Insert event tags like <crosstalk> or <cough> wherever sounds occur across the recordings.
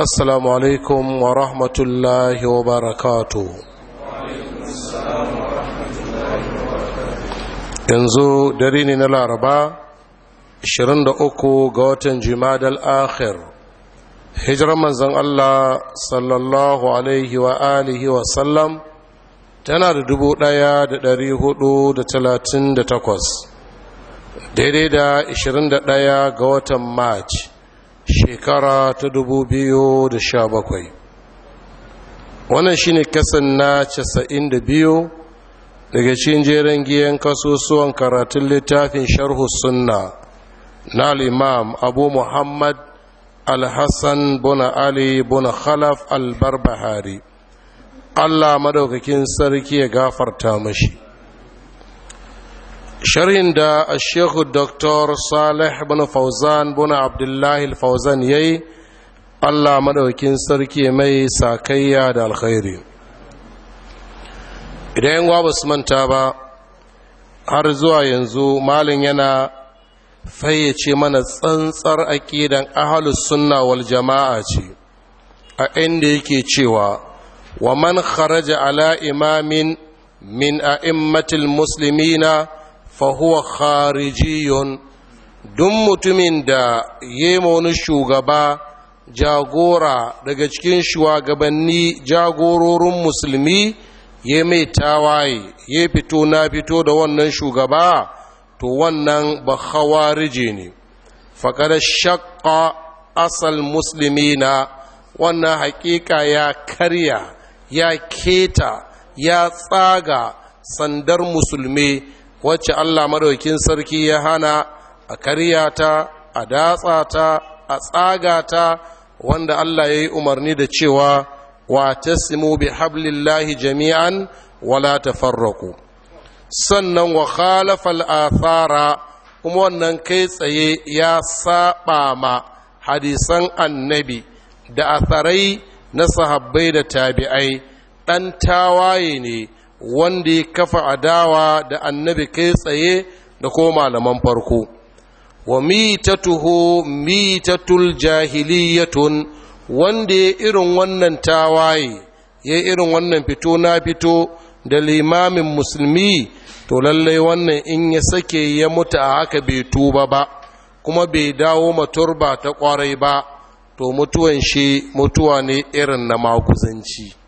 السلام عليكم ورحمة الله وبركاته yanzu dari ne na laraba 23 ga watan jimadal akhir hijirar manzan Allah sallallahu alaihi wa wa sallam tana da dubu ɗaya da dari hudu da talatin da takwas daidai da ɗaya ga watan march shekara ta dubu biyu da sha bakwai. wannan shine kasan na casa'in da biyu daga cikin jeren giyan kasusuwan karatun littafin sharhu sunna na limam abu muhammad AlHassan buna ali buna khalaf albarbahari allah madaukakin sarki ya gafarta mashi sharhin da shehu dr salih bin fauzan bin abdullahi fauzan ya yi allah maɗaukin sarki mai sakayya da alkhairi idan yin ba su manta ba har zuwa yanzu malin yana fayyace mana tsantsar aƙidan ahalus sunna wal jama'a ce a inda yake cewa wa man kharaja ala imamin min a'immatil muslimina fahuwa kharijiyun duk mutumin da yema wani shugaba jagora daga cikin shugabanni jagororin musulmi ya mai tawaye ya fito na fito da wannan shugaba to wannan ba khawarije ne faƙar shakka asal musulmi na wannan haƙiƙa ya karya ya keta ya tsaga sandar musulmi wacce Allah madaukin sarki ya hana a karyata ta a datsa ta a tsaga ta wanda Allah ya yi umarni da cewa wa tasimu bi hablillahi jami'an wala tafarraku sannan wa khalafa al'athara kuma wannan kai tsaye ya saba ma hadisan annabi da atharai na sahabbai da tabi'ai ɗan tawaye ne wanda ya kafa adawa da annabi kai tsaye da ko malaman farko wa mitatuhu mitatul jahiliyatun wanda ya irin wannan tawaye ya irin wannan fito na fito da limamin musulmi to lallai wannan in ya sake ya mutu a haka bai tuba ba kuma bai dawo maturba ta kwarai ba to mutuwan shi mutuwa ne irin na kusanci.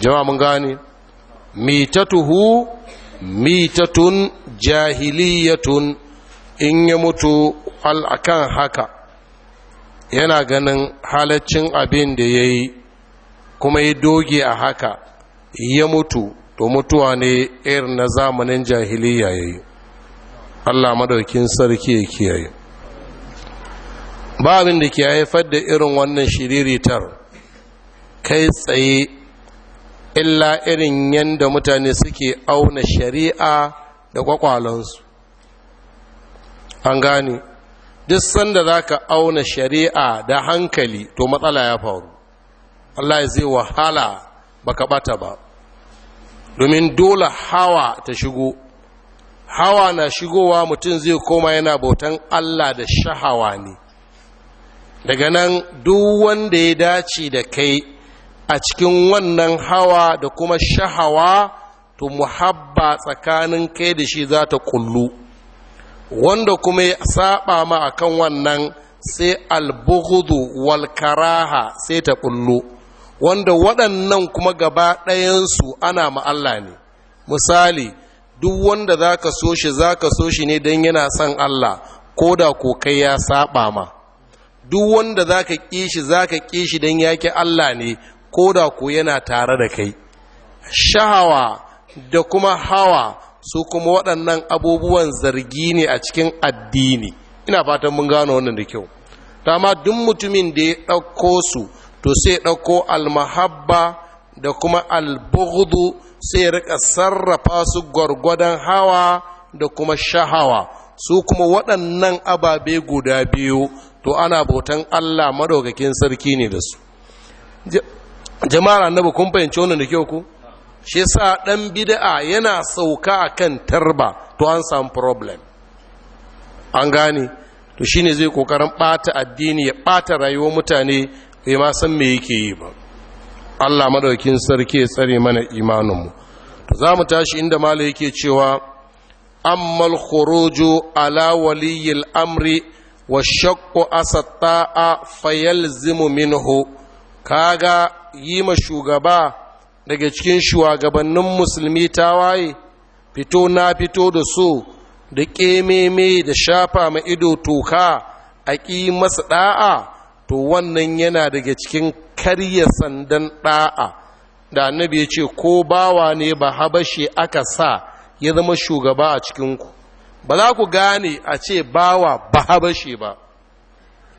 jama'a mun gane mitatuhu mitatun jahiliyatun in ya mutu al'akan haka yana ganin halaccin abin da ya yi kuma ya doge a haka ya mutu to mutuwa ne irin na zamanin jahiliya ya yi allah madaukin sarki ya kiyaye ba abin da ke haifar da irin wannan shiriritar kai tsaye illa irin yadda mutane suke auna shari'a da kwakwalonsu an gane duk sanda za ka auna shari'a da hankali to matsala ya faru Allah zai wahala baka bata ba domin dole hawa ta shigo hawa na shigowa mutum zai koma yana bautan Allah da shahawa ne daga nan duk wanda ya dace da kai a cikin wannan hawa da kuma shahawa to muhabba tsakanin kai da shi za ta kullu wanda kuma ya saba ma akan wannan sai albughdu wal karaha sai ta kullu wanda waɗannan kuma gaba ɗayansu ana ma Allah ne misali duk wanda za ka so shi za ka so shi ne don yana son Allah ko da ko kai ya saba ma duk wanda za ka ƙi shi za ka ƙi shi don ya Allah ne ko da ku yana tare da kai shahawa da kuma hawa su kuma waɗannan abubuwan zargi ne a cikin addini ina fatan mun gano wannan da kyau dama duk mutumin da ya ɗauko su to sai ɗauko almahabba da kuma albughdu sai riƙa sarrafa su gwargwadon hawa da kuma shahawa su kuma waɗannan ababe guda biyu to ana bautan Allah maɗaukakin sarki ne da su jama'ar annabi kun fahimci wannan da kyau ku shi sa ɗan bid'a yana sauka a kan tarba to an samu problem an gane to shine zai kokarin ɓata addini ya ɓata rayuwar mutane bai ma san me yake yi ba Allah maɗaukin sarki ya tsare mana imaninmu to za mu tashi inda mala yake cewa ammal khuruju ala waliyyil amri wa shaqqu fayal fayalzimu minhu kaga yi ma shugaba daga cikin shugabannin musulmi tawaye fito na fito da su da ƙememe da shafa ma ido toka a ƙi masa ɗa'a to wannan yana daga cikin karya sandan ɗa'a da annabi ya ce ko bawa ne ba habashe aka sa ya zama shugaba a cikinku ba za ku gane a ce bawa ba habashe ba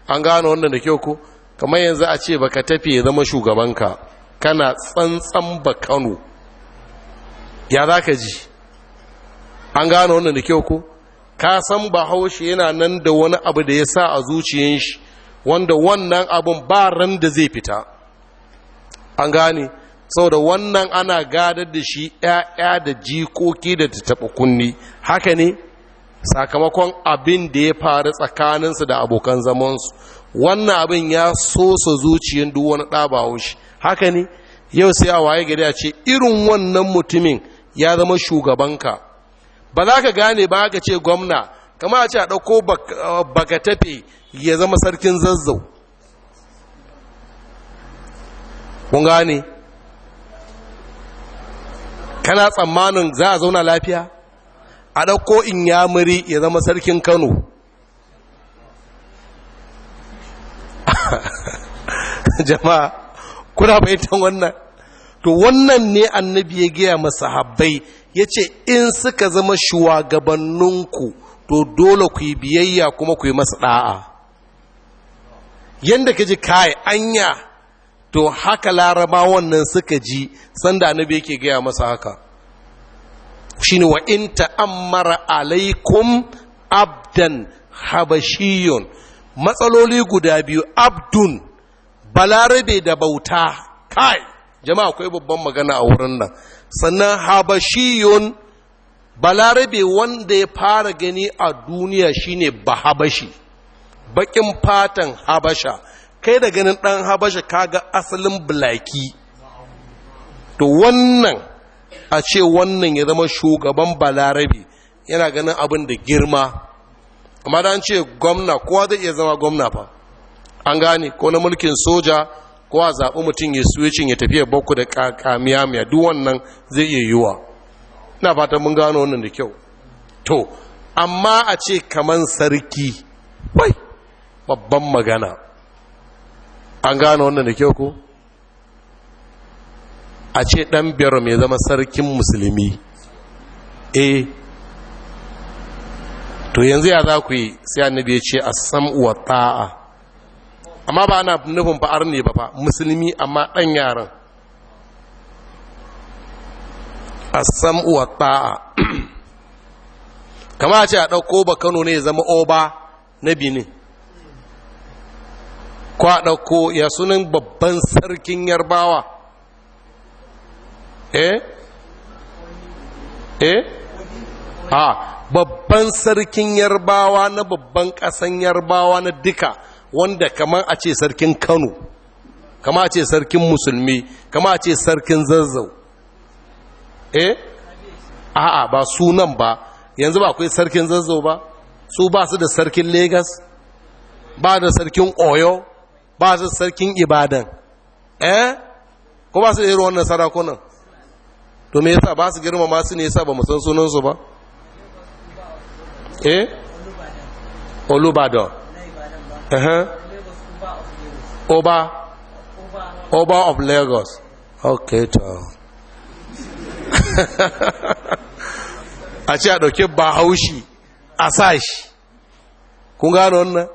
an gane wannan da kyau ko kamar yanzu a ce baka tafi ya zama shugabanka kana tsantsan ba kano ya za ka ji an gano wannan da kyau ko ka san bahaushe yana nan da wani abu da ya sa a zuciyin shi wanda wannan abin ba ran da zai fita an gane sau da wannan ana gadar da shi ‘ya'ya da jikoki da ta taɓa kunni haka ne sakamakon abin da ya faru tsakaninsu da abokan zamansu wannan abin ya sosa zuciyan duk wani ɗabawon shi haka ne yau sai a waye gari a ce irin wannan mutumin ya zama shugabanka ba za ka gane ba ka ce gwamna kama a ce a ɗauko uh, tafe ya zama sarkin zazzau kun gane kana tsammanin za a zauna lafiya a ɗauko inyamuri ya zama sarkin kano <laughs> jama'a kuna fahimtar wannan to wannan ne annabi ya gaya masa habbai ya ce in suka zama shugabanninku to dole ku yi biyayya kuma ku yi masa ɗa'a yadda ka ji kai anya to haka laraba wannan suka ji sanda annabi yake gaya masa haka shine wa in ta'ammara alaikum abdan habashiyun matsaloli guda biyu abdun balarabe da bauta kai jama'a akwai babban magana a wurin nan sannan habashiyun balarabe wanda ya fara gani a duniya shine bahabashi bakin fatan habasha kai da ganin dan habasha kaga asalin bulaki to wannan a ce wannan ya zama shugaban balarabe yana ganin abin da girma amma da an ce gwamna kowa zai iya zama gwamna fa an gane ko na mulkin soja ko a zaɓi mutum ya switching ya tafiya bakku da kamiya miya duk wannan zai iya yiwa na fatan mun gano wannan da kyau to amma a ce kaman sarki wai babban magana an gano wannan da kyau ko a ce ɗan biyar mai zama sarkin musulmi eh to yanzu ya za ku yi sai annabi ya ce a sam wa ta'a amma ba ana nufin fa'ar ne ba fa musulmi amma ɗan yaran sam wa ta'a <clears throat> kama ce a ɗauko ba kano ne ya zama oba na benin ko a ɗauko ya sunan babban sarkin yarbawa eh eh ha ah. babban sarkin yarbawa na babban ƙasan yarbawa na duka wanda kamar a ce sarkin kano kama a ce sarkin musulmi kama a ce sarkin zazzau eh a'a ba sunan ba yanzu ba akwai sarkin zazzau ba su ba su da sarkin Legas, ba da sarkin oyo ba su da sarkin ibadan eh ko ba su da irin wannan sarakunan to me yasa ba su girmama su ne yasa ba musan san sunansu ba eh Olubadan. eh oba oba of lagos Okay, to <laughs> a ce a ba bahaushi a sa shi kun gano wannan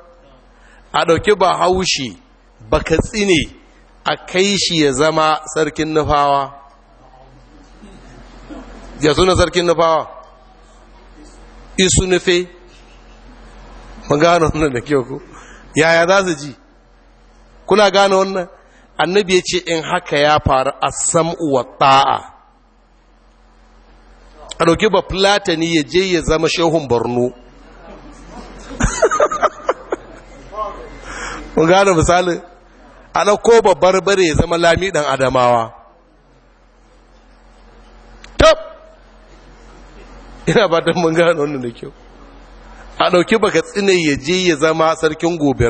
a haushi bahaushi ka tsine a kai shi ya zama sarkin nufawa ya suna sarkin nufawa isu nufe magana wannan da kyau ku yaya za su ji kuna gane wannan annabi ya ce in haka ya faru a sam'u wa ta'a a ɗauki ba platani ya je ya zama shehun borno <laughs> mun gano misali a ɗauko babbar bare ya zama lami ɗan adamawa ina ba don mun gano wannan da kyau a ɗauki baka tsine ya je ya zama sarkin gobe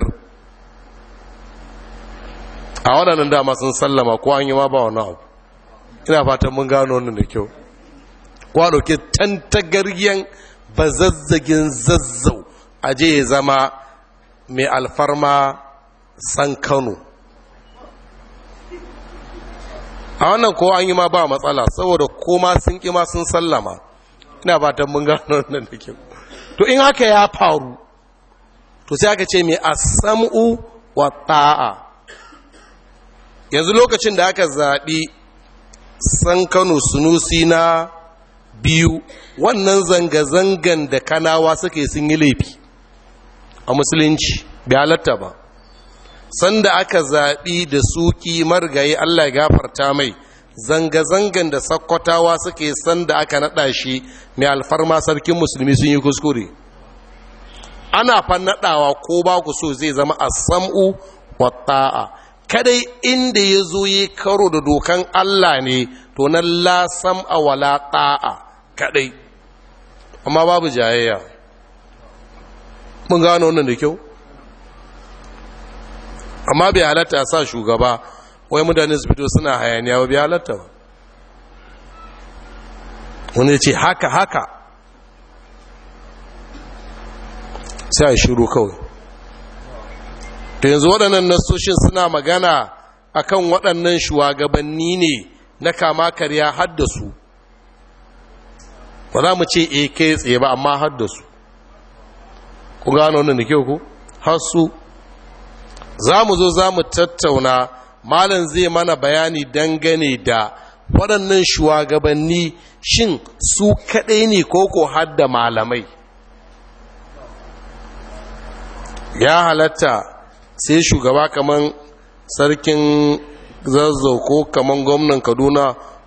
a waɗannan dama sun sallama ko an yi ma ba wani abu ina fatan mun gano wannan da kyau ko a ɗauki tantagaryen bazazzagin zazzau a je ya zama mai alfarma san kano a wannan kowa an yi ma ba matsala saboda koma sun ƙi ma sun sallama ina ta mun gano nan da kyau to in haka ya faru to sai aka ce mai sam'u wa ta'a yanzu lokacin da aka zaɓi san kano sunusi na biyu wannan zanga-zangan da kanawa suke sun yi laifi a musulunci bai halatta ba sanda aka zaɓi da suki marigayi allah ya gafarta mai zanga-zangan da sakkwatawa suke san da aka naɗa shi mai alfarma sarkin musulmi sun yi kuskure ana fannaɗawa ko ba ku so zai zama a sam'u wa ta'a kadai inda ya zo yi karo da dokan allah ne to na la sam'a wa la ta'a kadai amma babu jayayya mun gano wannan da kyau amma bai halatta sa shugaba wai mutane su fito suna hayaniya ba bi halatta ba wani ce haka haka sai a shiru kawai to yanzu waɗannan nasoshin suna magana akan waɗannan shugabanni ne na kama karya haddasu ba za mu ce e kai tsaye ba amma haddasu ku gano wannan da kyau ku har su za mu zo za mu tattauna malam zai mana bayani dangane da waɗannan shugabanni shin su kaɗai ne ko ko hadda malamai ya halatta sai shugaba kaman sarkin zazzau ko kaman gwamnan kaduna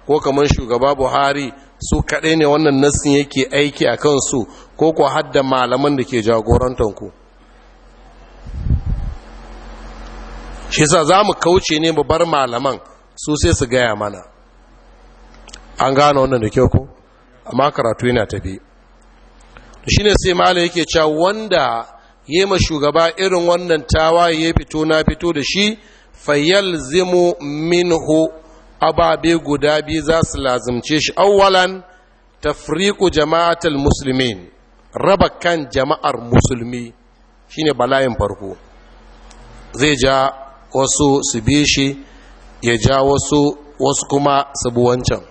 ko kaman shugaba buhari su kaɗai ne wannan nassin yake aiki a kansu ko ko hadda malaman da ke jagorantanku shi sa za mu kauce ne mu bar malaman su sai su gaya mana an gano wannan da kyau ku, amma karatu yana tafi shi ne sai malai yake cewa wanda ya ma shugaba irin wannan tawa ya fito na fito da shi fayyal zimu minhu ababe guda biyu za su lazimce shi awwalan tafriku jama'atul muslimin raba kan jama'ar musulmi shine bala'in farko zai ja wasu su bi shi ya ja wasu wasu kuma su bi wancan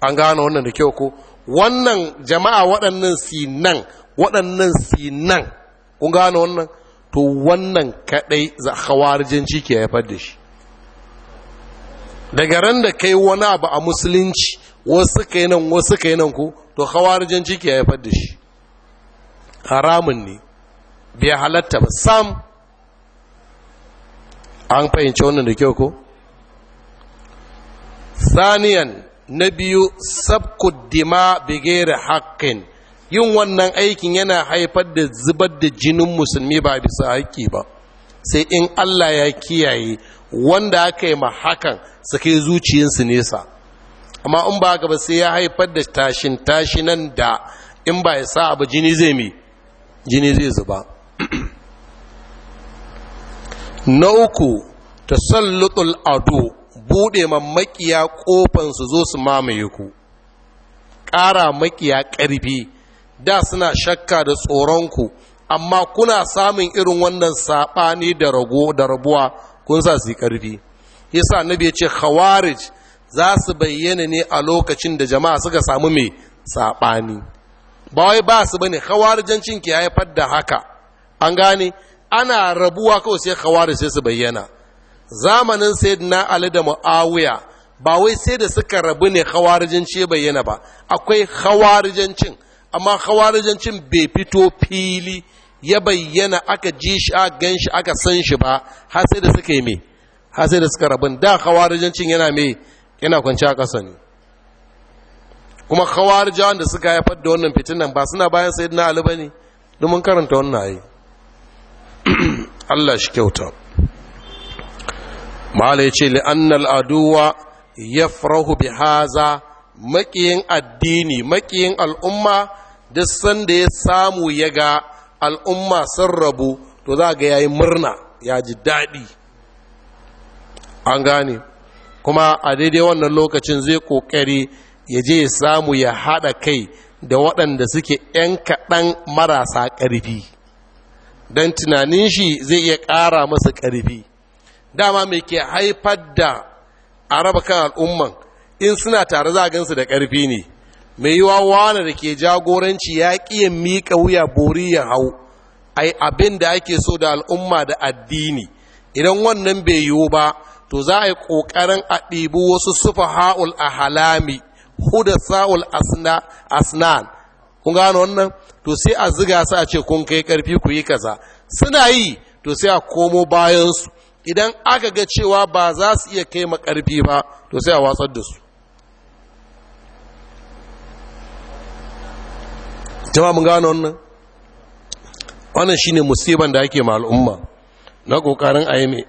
an gano wannan da kyau ko wannan jama'a waɗannan sinan waɗannan sinan kun gano wannan to wannan kaɗai za hawarijinci ke haifar da shi daga ran da kai wani abu a musulunci wasu kai nan wasu kai nan ku to hawarijinci ke haifar da shi haramun ne bai halatta ba sam an fahimci wannan da kyau ko saniyan na biyu sabku dima bigere haƙƙin yin wannan aikin yana haifar da zubar da jinin musulmi ba bisa haƙƙi ba sai in allah ya kiyaye wanda aka yi ma hakan su kai zuciyinsu nesa amma in ba gaba sai ya haifar da tashin tashinan da in ba ya sa abu jini zai mi jini zai zuba <clears throat> na uku ta sallutul ado buɗe makiya ƙofan su zo su mamaye ku ƙara makiya ƙarfi da suna shakka da tsoronku amma kuna samun irin wannan saɓani da rago da rabuwa kun sa su yi ƙarfi yasa nabi ya ce khawarij za su bayyana ne a lokacin da jama'a suka samu mai saɓani ba wai ba su bane khawarijancin ki ya haifar da haka an gane ana rabuwa kawai sai kawari sai su bayyana zamanin na ali da muawiya ba wai sai da suka rabu ne khawarijanci ce bayyana ba akwai cin, amma cin bai fito fili ya bayyana aka ji shi a gan shi aka san shi ba har sai da suka yi me har sai da suka rabu da cin yana me yana kwanci a ƙasa ne kuma khawarijawan da suka haifar da wannan fitinan ba suna bayan sayyidina ali bane domin karanta wannan ayi Allah shi kyauta mala ya ce li'annal aduwa ya farahu bi haza makiyin addini maƙiyan al'umma duk sanda ya samu ya ga al'umma sun rabu to za ga yayi murna ya ji daɗi an gane kuma a daidai wannan lokacin zai ƙoƙari ya je ya samu ya haɗa kai da waɗanda suke ‘yan kaɗan marasa ƙarfi don tunanin shi zai iya ƙara masa ƙarfi dama mai ke haifar da a raba kan al'umman in suna tare za da ƙarfi ne mai yi wawana da ke jagoranci ya mika miƙa wuya bori ya hau ai abin da ake so da al'umma da addini idan wannan bai yiwu ba to za a yi ƙoƙarin a ɗibi wasu sufa ha'ul a halami huda sa'ul asnan kun gano wannan to sai a ziga su a ce kun kai karfi ku yi kaza suna yi to sai a komo bayansu idan aka ga cewa ba za su iya kai makarfi ba to sai a watsar da su jama mun gano wannan wannan shine musiban da ake ma al'umma na kokarin a yi <clears throat>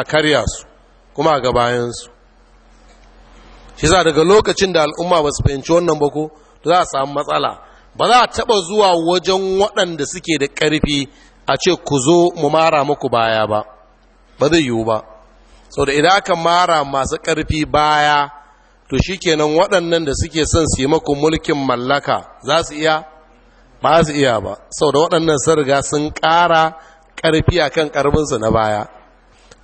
a karya su kuma a gabayansu shi za daga lokacin da al'umma ba su fahimci wannan ba ko za a samu matsala ba za a taɓa zuwa wajen waɗanda suke da ƙarfi a ce ku zo mu mara muku baya ba ba zai yiwu ba sau da idan aka mara masu ƙarfi baya to shikenan waɗannan da suke son su yi maku mulkin mallaka za su iya ba su iya ba sau da waɗannan sun sun ƙara ƙarfi a kan ƙarfinsu na baya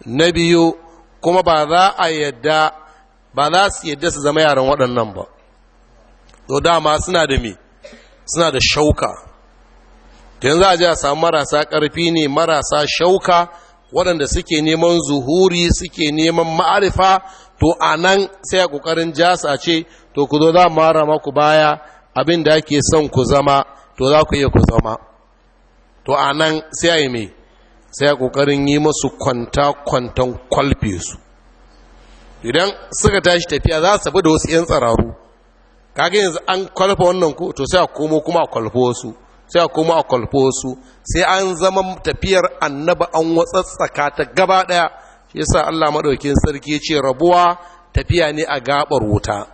na biyu kuma ba za a yadda ba za su yadda su zama yaran waɗannan ba to dama suna da me suna da shauka yanzu a ji a samu marasa ƙarfi ne marasa shauka waɗanda suke neman zuhuri suke neman ma'arifa to a nan sai a ƙoƙarin jasa ce to ku zo za mu mara maku baya abin da ake son ku zama to za ku iya ku zama to a nan sai a yi mai sai a ƙoƙarin yi masu kwanta kwantan kwalfe su idan suka tashi tafiya za su bi da wasu 'yan tsararu kaga yanzu an kwalfa wannan ku. to sai a komo kuma a kwalfa wasu sai a komo a kwalfa wasu sai an zama tafiyar annaba an watsatsaka ta gaba daya shi yasa Allah madaukakin sarki ya ce rabuwa tafiya ne a gabar wuta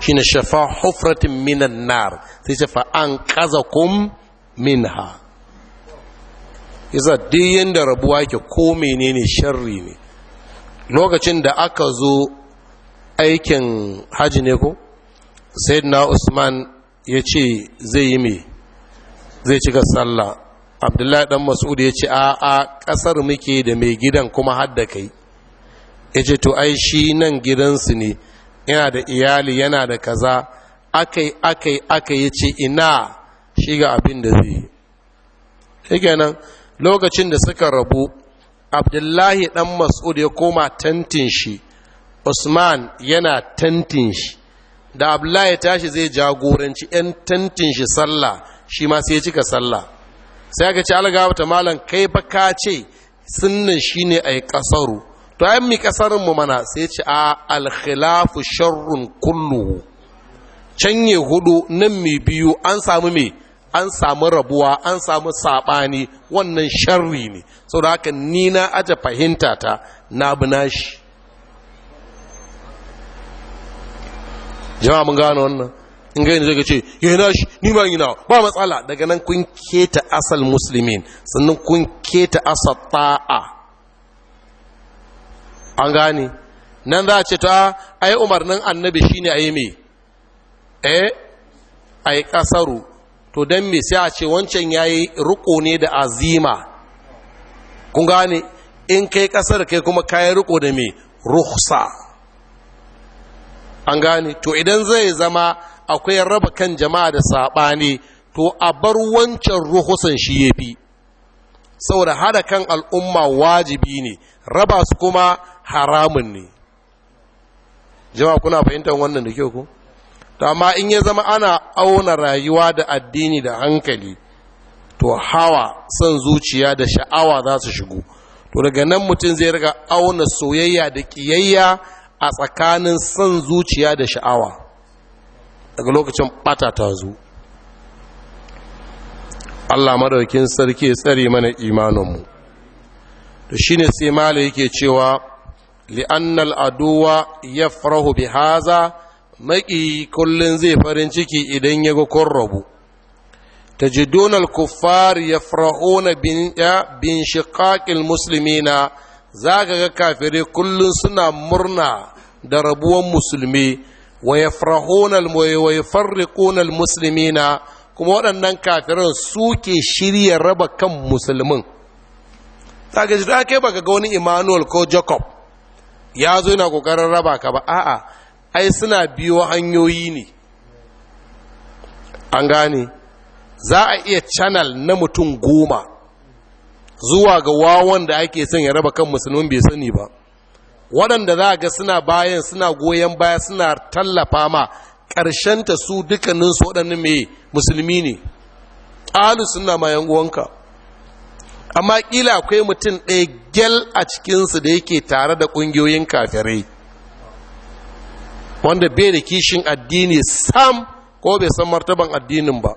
shine shafa hufratin minan nar sai shafa an qazakum minha yasa duk yanda rabuwa ke ko menene sharri ne lokacin da aka zo aikin haji ne ko sayyidina usman ya ce zai yi mai zai cika sallah abdullahi dan mas'ud ya ce a a kasar muke da mai gidan kuma hadda kai ya ce to ai shi nan gidansu ne yana da iyali yana da kaza akai akai akai ya ce ina shi ga abin da zai yi kenan lokacin da suka rabu abdullahi dan mas'ud ya koma tantin shi usman yana tantin shi da abdullahi ya tashi zai jagoranci 'yan tantin shi sallah shi ma sai ya cika sallah sai aka ce algawa ta malam kai ba ka ce sunnan shine ai kasaru to ai mi kasarin mu mana sai ce a alkhilafu sharrun Can canye hudu nan mi biyu an samu me an samu rabuwa an samu saɓani wannan sharri ne saboda haka ni na aja fahimta ta na bi nashi jama'a mun gane wannan in ga zai ce yana shi ni ma yana ba matsala daga nan kun keta asal musulmin sannan kun keta asal ta'a an gane nan za a ce ta ai umarnin annabi ne a yi mai eh a yi kasaru to don me sai a ce wancan ya yi riko ne da azima kun gane in kai kasar kai kuma kayan riko da me ruhsa an gane to idan zai zama akwai raba kan jama'a da saɓani to a bar wancan ruhusan shi ya fi saboda hada kan al'umma wajibi ne raba su kuma haramun ne jama'a kuna fahimtar wannan da kyau ku to amma in ya zama ana auna rayuwa da addini da hankali to hawa son zuciya da sha'awa za su shigo to daga nan mutum zai riga auna soyayya da ƙiyayya a tsakanin son zuciya da sha'awa daga lokacin ɓata ta zo Allah madaukin sarki ya tsare mana imaninmu to shine sai mala yake cewa li'annal aduwa yafrahu bi haza maki kullun zai farin ciki idan ya ga kun rabu tajidun al-kuffar yafrahuna bin bin shiqaqil muslimina zaka ga kafire kullun suna murna da rabuwan musulmi wa yafrahuna wa musulmi na? kuma waɗannan kafirin suke shirya raba kan musulmin daga ji kai baka ga wani Emmanuel ko Jacob ya zo yana kokarin raba ka ba a'a ai suna biyo hanyoyi ne an gane za a iya cannal na mutum goma zuwa ga wawan da ake son ya raba kan musulmin bai sani ba waɗanda za ga suna bayan suna goyon baya suna tallafa ma ƙarshenta su dukkaninsu waɗannan mai musulmi ne ƙalu suna mayan uwanka amma ƙila akwai mutum ɗaya gyal a cikinsu da yake tare da ƙungiyoyin kafirai wanda bai da kishin addini sam ko bai san martaban addinin ba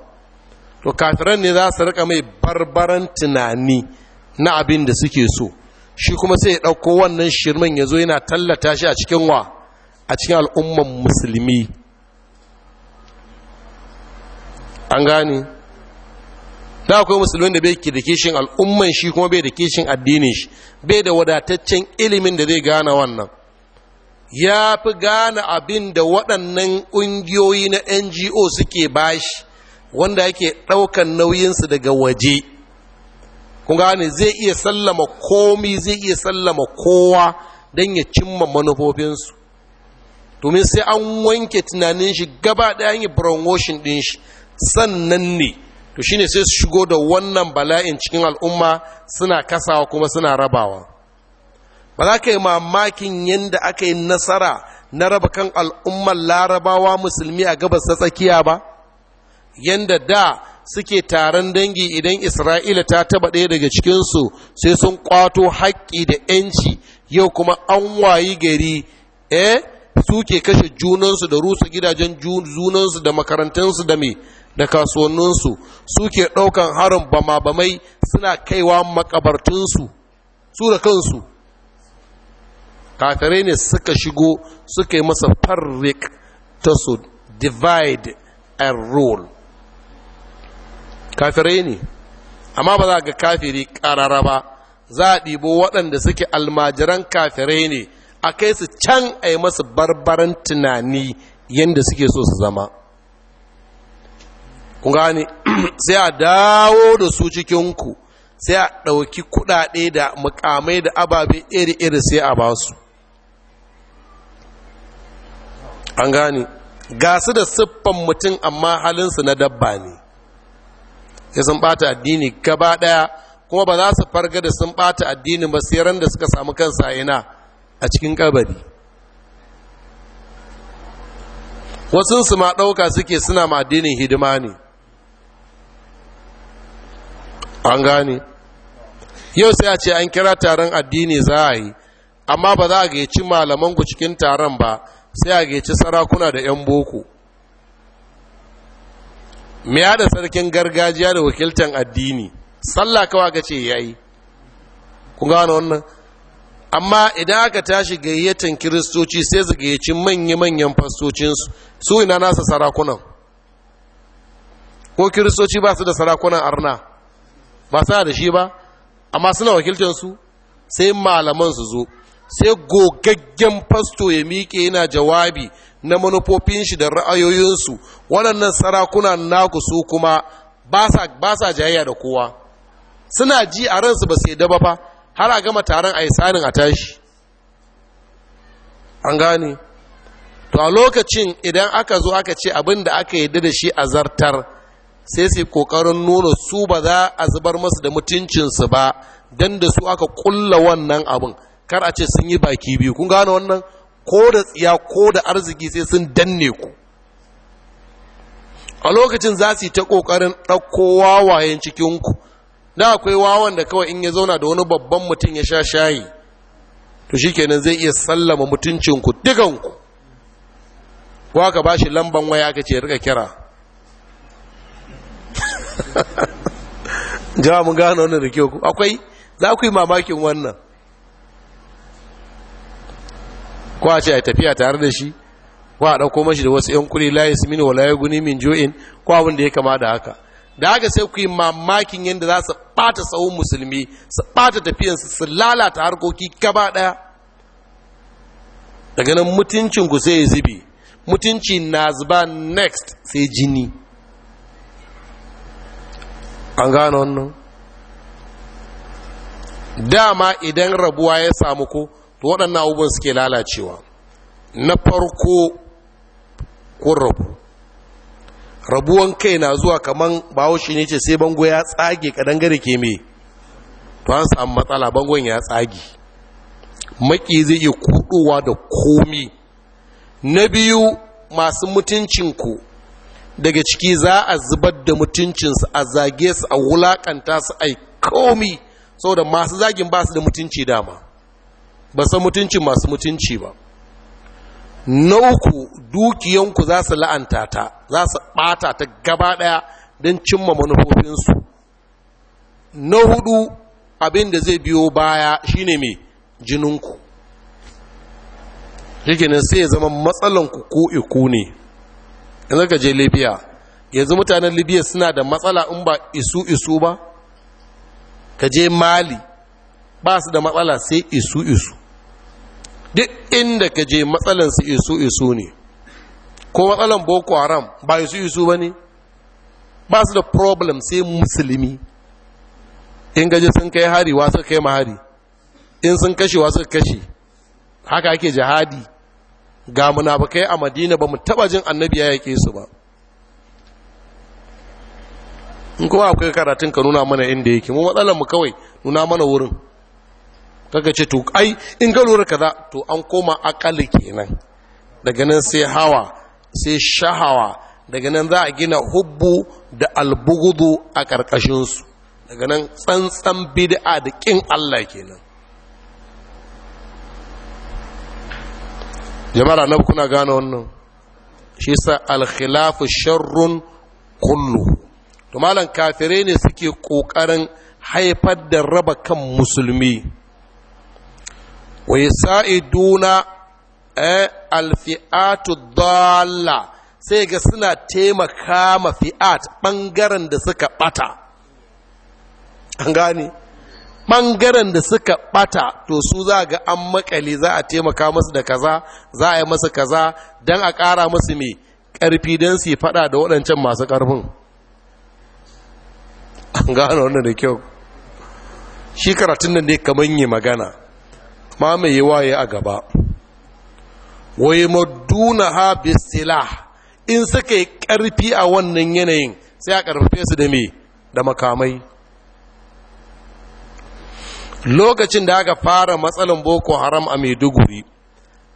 to kafiran ne za su rika mai barbaran tunani na abin da suke so shi kuma sai ya ɗauko wannan shirman ya zo yana tallata shi a cikin wa a cikin al'umman musulmi an gani da akwai musulmi da bai da kishin al'umman shi kuma bai da kishin addinin shi bai da wadataccen ilimin da zai gane wannan ya fi gane abin da waɗannan ƙungiyoyi na ngo suke bashi wanda yake ɗaukan nauyinsu daga waje kun gane zai iya sallama komi zai iya sallama kowa don ya cimma manufofinsu domin sai an wanke tunanin shi gaba ɗaya yi brainwashing ɗin shi sannan ne to shine sai su shigo da wannan bala'in cikin al'umma suna kasawa kuma suna rabawa ba za ka yi mamakin yadda aka yi nasara na raba kan al'ummar larabawa musulmi a gabas ta tsakiya ba yadda da suke taron dangi idan isra'ila ta taba ɗaya daga cikinsu sai sun ƙwato haƙƙi da 'yanci yau kuma an wayi gari eh suke kashe junansu da rusa gidajen junansu da makarantunsu da me da kasuwanninsu suke ɗaukan harin bama-bamai suna kaiwa makabartunsu su da kansu kakare ne suka shigo suka yi masa farrik ta su divide and rule kafirai ne amma ba za ga kafiri ƙarara ba za a ɗibo waɗanda suke almajiran kafirai ne a kai su can a yi masu barbaran tunani yadda suke so su zama ku gane <clears throat> sai a dawo da su cikinku sai a ɗauki kuɗaɗe da mukamai da ababe iri-iri sai a ba su an gane ga su da siffan mutum amma halinsu na dabba ne sai sun bata addini gaba daya kuma ba za su farga da sun bata addini ba sai ran da suka samu kansa ina a cikin kabari wasu su ma ɗauka suke suna ma addinin hidima ne an gane yau sai a ce an kira taron addini za a yi amma ba za a gaici malaman ku cikin taron ba sai a gaici sarakuna da 'yan boko mai yada sarkin gargajiya da wakiltan addini sallah kawa ga ce yayi kun gano wannan amma idan aka tashi gayyatan kiristoci sai su gayyaci manya-manyan fastocinsu su ina nasa sarakunan ko kiristoci ba su da sarakunan arna ba su da shi ba amma suna wakiltansu sai malaman su zo sai gogaggen fasto ya miƙe yana jawabi na manufofin shi da ra'ayoyinsu waɗannan sarakuna naku su kuma ba sa jayayya da kowa suna ji a ransu ba sai daba ba har a gama taron a yi a tashi an gane to a lokacin idan aka zo aka ce abin da aka yi da shi a zartar sai sai kokarin nuna su ba za a zubar masu da mutuncinsu ba don da su aka ƙulla wannan abin kar a ce sun yi baki biyu kun gane wannan ko da tsiya ko da arziki sai sun danne ku a lokacin za su yi ta ƙoƙarin ɗauko wawayen cikinku na akwai wawan da kawai in ya zauna da wani babban mutum ya sha shayi to shi kenan zai iya sallama mutuncinku dukanku wa ka ba shi lamban waya ka ce rika kira <laughs> jawa mun gano wannan da kyau akwai za ku yi mamakin wannan ko a ce a tafiya tare da shi ko a ɗauko mashi da wasu ‘yan kuri, la mini wa layi, guni min jo'in ko abin da ya kama da haka da haka sai ku yi mamakin yadda za su ɓata tsawon musulmi su ɓata tafiyansu su lalata harkoki gaba ɗaya daga nan mutuncin ku sai zubi mutunci na zuba next sai jini an gano wannan dama idan rabuwa ya samu ko to waɗannan abubuwan suke lalacewa na farko kun rabu rabuwan kai na zuwa kamar bahaushe ne ce sai bango ya tsage kadan gare ke me to an samu matsala bangon ya tsage maki zai iya kudowa da komi na biyu masu mutuncinku daga ciki za a zubar da mutuncinsu a zage su a wulakanta su a komi saboda masu zagin ba su da mutunci dama ba san mutuncin masu mutunci ba na uku dukiyanku za su la'anta ta za su ɓata ta gaba ɗaya don cimma manufofinsu na hudu abinda zai biyo baya shine mai jininku shikenan sai ya zama matsalanku ko iku ne in zaka je libya yanzu mutanen libya suna da matsala in ba isu isu ba ka je mali ba su da matsala sai isu isu duk inda ka je matsalan su isu isu ne ko matsalan boko haram ba isu isu ba ne ba su da problem sai musulmi in gaji sun kai hari wa suka kai mahari in sun kashe wa suka kashe haka ake jihadi ga kai a madina ba mu taba jin annabi ya yake su ba in kuma akwai karatun ka nuna mana inda yake mu matsalar mu kawai nuna mana wurin kaga ce to ai in ga lura kaza to an koma akali kenan daga nan sai hawa sai shahawa daga nan za a gina hubbu da albugudu a ƙarƙashinsu daga nan tsantsan bid'a da ƙin Allah kenan jama'a na kuna gane wannan shi sa al-khilaf sharrun kullu to malan kafirai ne suke ƙoƙarin haifar da raba kan musulmi wa yasa'iduna alfi'atu dalla sai ga suna taimaka ma fi'at ɓangaren da suka ɓata an gane ɓangaren da suka ɓata to su za ga an makale za a taimaka masu da kaza za a yi masu kaza don a ƙara masu mai ƙarfi don su yi faɗa da waɗancan masu ƙarfin an gane wannan da kyau shi karatun nan ne kamar yi magana mamaye waye a gaba waye maduna ha bisila in suka yi ƙarfi a wannan yanayin sai a ƙarfafe su da me da makamai lokacin da aka fara matsalan boko haram a maiduguri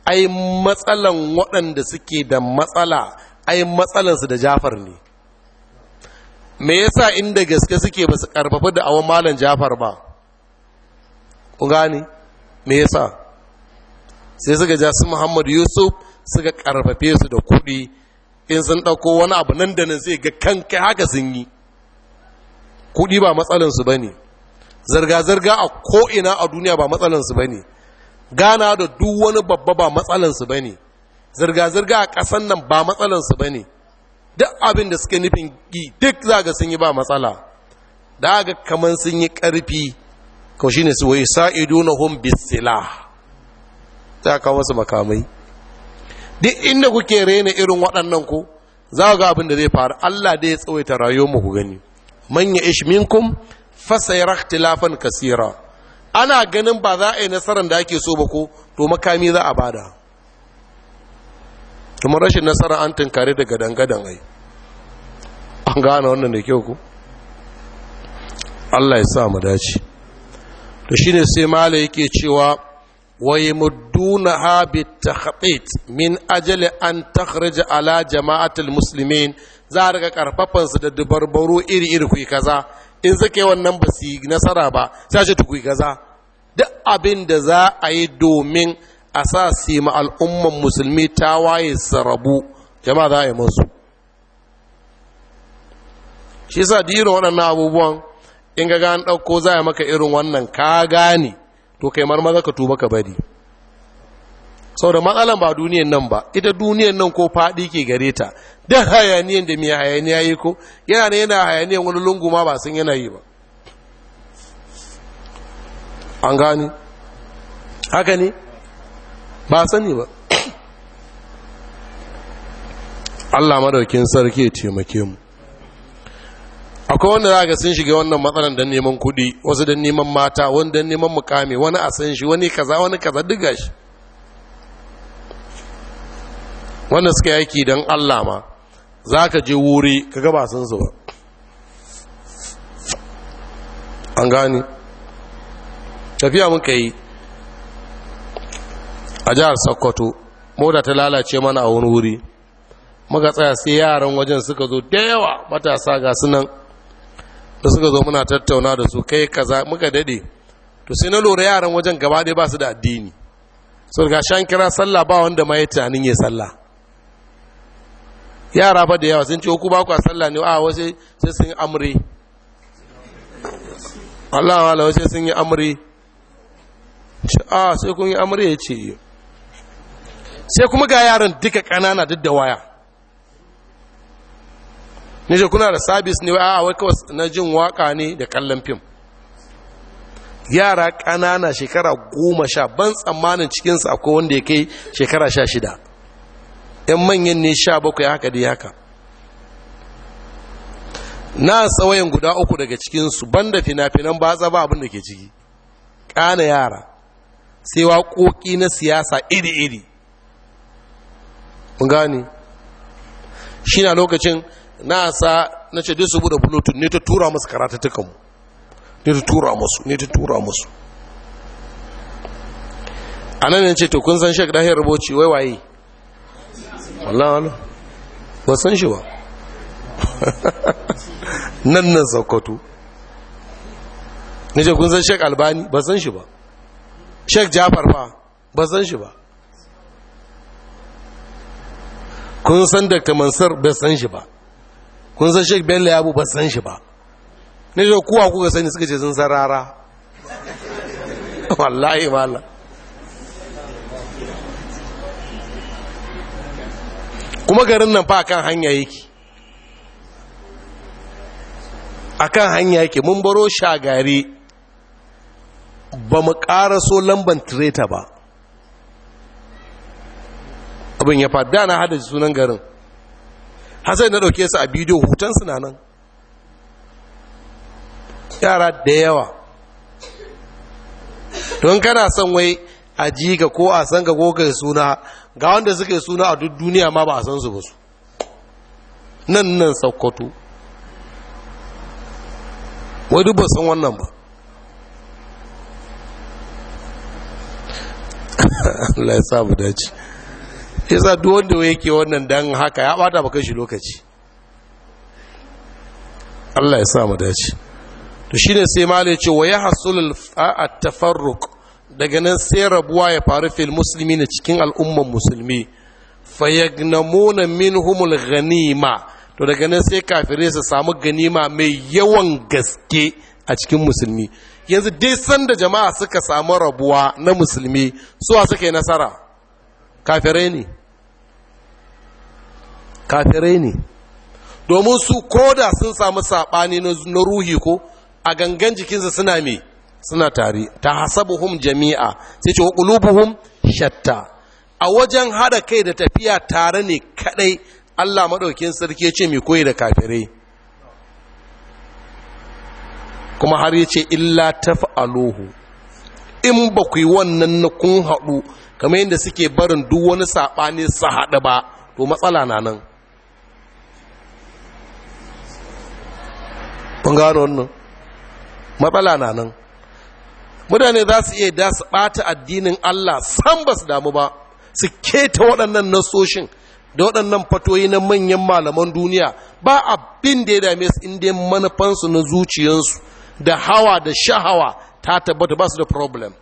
ai matsalan waɗanda suke da matsala ai matsalansu da jafar ne me yasa inda gaske suke ba su karfafi da awon malam jafar ba ku gani? me yasa sai suka ja su Muhammad Yusuf suka karfafe su da kuɗi in sun ɗauko wani abu nan da nan sai ga kan kai haka sun yi kuɗi ba matsalansu ba ne zirga-zirga a ko'ina a duniya ba matsalansu ba ne gana da duk wani babba ba matsalansu ba ne zirga-zirga a kasan nan ba matsalansu ba ne duk abin da suke nufin yi duk za ga sun yi ba matsala da ga kamar sun yi ƙarfi kawai ne su wai sa’idunahun bisila ta kawo wasu makamai duk inda kuke rena irin waɗannan ku za ga abin da zai faru Allah da ya tsawaita rayuwar ku gani Manya ya ish minkum fasayara ikhtilafan kasira ana ganin ba za a yi nasarar da ake so ba ko to makami za a bada kuma rashin nasara an tunkare da dangadan ai an gane wannan da kyau ku Allah ya sa mu dace to shine sai mala yake cewa wai mudduna ha bi takhatit min ajali an takhrij ala jama'atul muslimin za a riga karfafan su da dubarbaru iri iri ku kaza in suke wannan ba su yi nasara ba sai ce ku kaza duk abin da za a yi domin a sa su ma al'umman musulmi ta waye rabu jama'a za a yi musu shi sa diro waɗannan abubuwan in ga gani ɗauko za a maka irin wannan ka gane to kai marmaza ka tuba ka bari sau da matsalan ba duniyan nan ba ita duniyan nan ko faɗi ke gare ta don hayaniyan da mai hayaniya yi ko yana da yana hayaniyan wani lungu ma ba sun yana yi ba an gani haka ne ba sani ba <coughs> Allah madaukin sarki ya taimake mu akwai wanda za ga sun shiga wannan matsalan don neman kuɗi wasu don neman mata wani don neman mukami wani a san shi wani kaza wani kaza duk shi. wanda suka yaki don Allah ma za ka je wuri ka gaba sun zuwa an gani tafiya muka yi a jihar sokoto mota ta lalace mana a wani wuri muka tsaya sai yaran wajen suka zo da yawa matasa ga sunan da suka zo muna tattauna da su kai kaza muka dade to sai na lura yaran wajen gaba ɗaya ba su da addini so ga shan kira sallah ba wanda ma ya tunanin ya sallah yara ba da yawa sun ce ku ba ku sallah ne a wasu sai sun yi amri Allah wala wasu sun yi amri ce a sai kun yi amri ya ce sai kuma ga yaran duka ƙanana duk da waya na ce kuna da sabis ne a wai kawai na jin waka ne da kallon fim yara ƙanana shekara goma sha ban tsammanin cikinsu akwai wanda ya kai shekara sha shida yan manyan ne sha bakwai haka da haka na tsawayen guda uku daga cikinsu ban da fina-finan ba za ba abin da ke ciki ƙana yara sai waƙoƙi na siyasa iri-iri gani shi na lokacin na sa na ce su bude bulutun ne ta tura masu karatattukan mu ne ta tura masu ne ta tura masu a nan ne ce to kun san shek dahiyar rubuci wai waye wallah wallah ba san shi ba <laughs> nan nan sokoto ne ce kun san shek albani ba san shi ba shek jafar fa ba san shi ba kun san dr mansur bai san shi ba kun san sheik bello ya bu ba san shi ba ne shi kuwa kuka sani suka ce sun rara <laughs> wallahi mala kuma garin nan fa kan hanya yake akan hanya yake mun baro shagari ba mu so lamban tireta ba abin ya faɗa na hada sunan garin hasai na ɗauke su a bidiyo hutansu suna nan yara da yawa don kana son wai a ji ga ko a san ga ko suna ga wanda suka yi suna a duk duniya ma ba a san su ba su nan nan saukoto wai duk ba san wannan ba <laughs> Allah ya sa dace yasa duk wanda yake wannan dan haka ya bata baka shi lokaci Allah ya sa mu dace to shine sai malai ce wa yahsul at-tafarruq daga nan sai rabuwa ya faru fil muslimina cikin al'umman musulmi fayagnamuna minhumul ghanima to daga nan sai kafire su samu ganima mai yawan gaske a cikin musulmi yanzu dai sanda jama'a suka samu rabuwa na musulmi suwa suka yi nasara kafirai ne kafirai ne domin su koda sun samu saɓani na ruhi ko a gangan jikinsa suna mai suna tare ta hasabuhum jami'a sai ce qulubuhum shatta a wajen hada kai da tafiya tare ne kadai Allah maɗaukin sarki ya ce mai koyi da kafirai kuma har ya ce illa alohu in ba ku yi wannan na kun haɗu kamar yadda suke barin duk wani saɓani su haɗu ba to matsala na nan kun gano wannan matsala na nan mutane za su iya da su ɓata addinin Allah san ba su damu ba su keta waɗannan nasoshin da waɗannan fatoyi na manyan malaman duniya ba abin da ya dame su inda manufansu na zuciyarsu da hawa da shahawa ta tabbata ba su da problem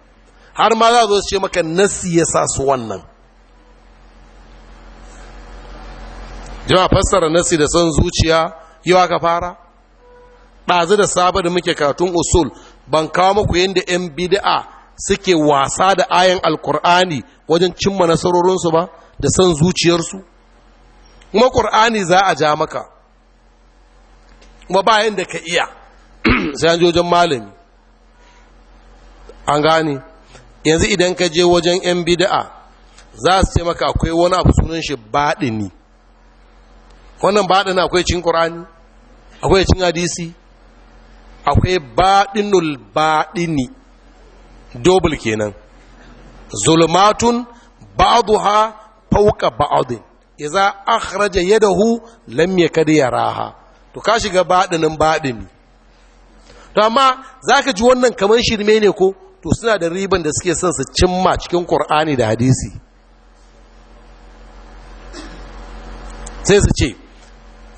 har ma za su ce maka nasi ya sa su wannan jama'a fassara nasi da son zuciya yau aka fara ɗazu da saba da muke katun usul ban kawo muku yadda 'yan bid'a suke wasa da ayan alkur'ani wajen cimma nasarorinsu ba da son zuciyarsu kuma ƙur'ani za a ja maka kuma bayan da ka iya <clears throat> sai an wajen malami an gane yanzu idan ka je wajen 'yan bida'a za su ce maka akwai wani abu sunan shi baɗini wannan baɗini akwai cin ƙur'ani akwai cin hadisi akwai baɗinul baɗini dobul kenan zulmatun ha fauka ba'din idza akhraja yadahu lam yakad yaraha to ka shiga baɗinin baɗini to amma zaka ji wannan kamar shirme ne ko to suna da riban da suke son su cimma cikin Qur'ani da hadisi sai su ce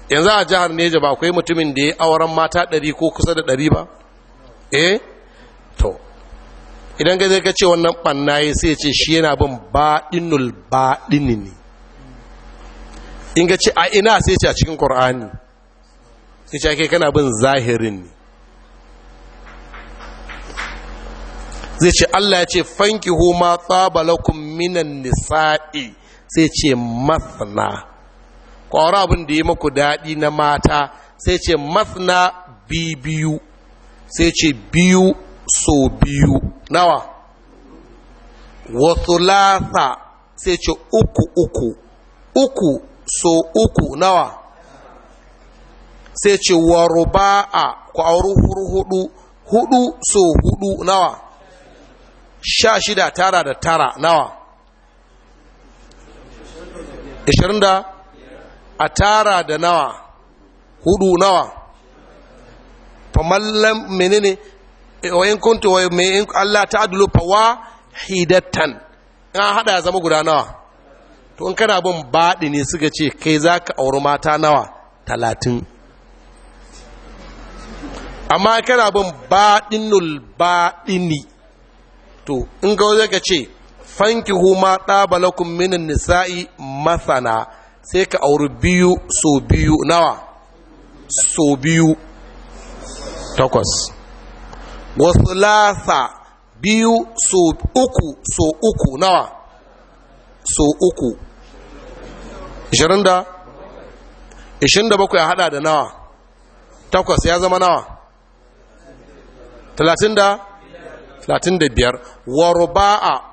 yanzu a jihar neja ba akwai mutumin da ya auren mata ɗari ko kusa da ɗari ba eh to idan ka zai ka wannan banna ya sai ce shi yana bin baɗinul baɗini ne in ga ce a ina sai ce a cikin qur'ani sai ce kai kana bin zahirin ne zai ce Allah ya ce fanki huma tsabalakum minan nisa'i sai ce masana kwaro abin da ya maku daɗi na mata sai ce masna biyu sai ce biyu so biyu nawa wasu lasa sai ce uku uku uku so uku nawa sai ce wa a ku huru hudu hudu so hudu nawa sha shida tara da tara nawa ashirin da a tara da nawa hudu nawa famallan menene eh, wayin kuntu wa in Allah ta adulu fawa hidatan in hada ya zama guda nawa to in kana bin baɗi ne suka ce kai za ka auri mata nawa talatin amma kana bin badinul badini to in ga zaka ce fanki ma ɗabalakun minan nisa'i masana sai ka auri biyu so biyu nawa so biyu takwas wasu lasa biyu so uku so uku nawa so uku 27 ya hada da nawa takwas ya zama nawa talatin da talatin da biyar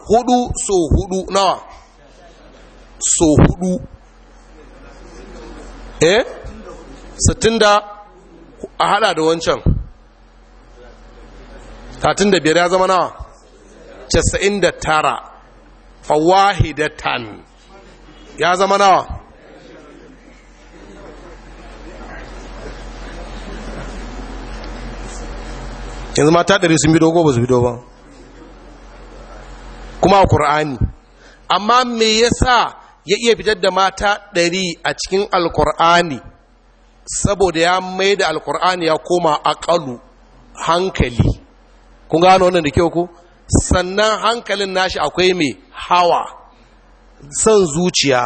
hudu so hudu nawa so hudu eh sittin da a hada da wancan tatin da biyar ya zama nawa casa'in da tara fawahidatan ya zama nawa yanzu mata ɗari sun bido ko ba su bido ba kuma a ƙura'ani, amma me yasa ya iya fitar da mata ɗari a cikin alkur'ani saboda ya mai da alkur'ani ya koma aƙalu hankali kun gano wannan da kyau ku sannan hankalin nashi akwai mai hawa son zuciya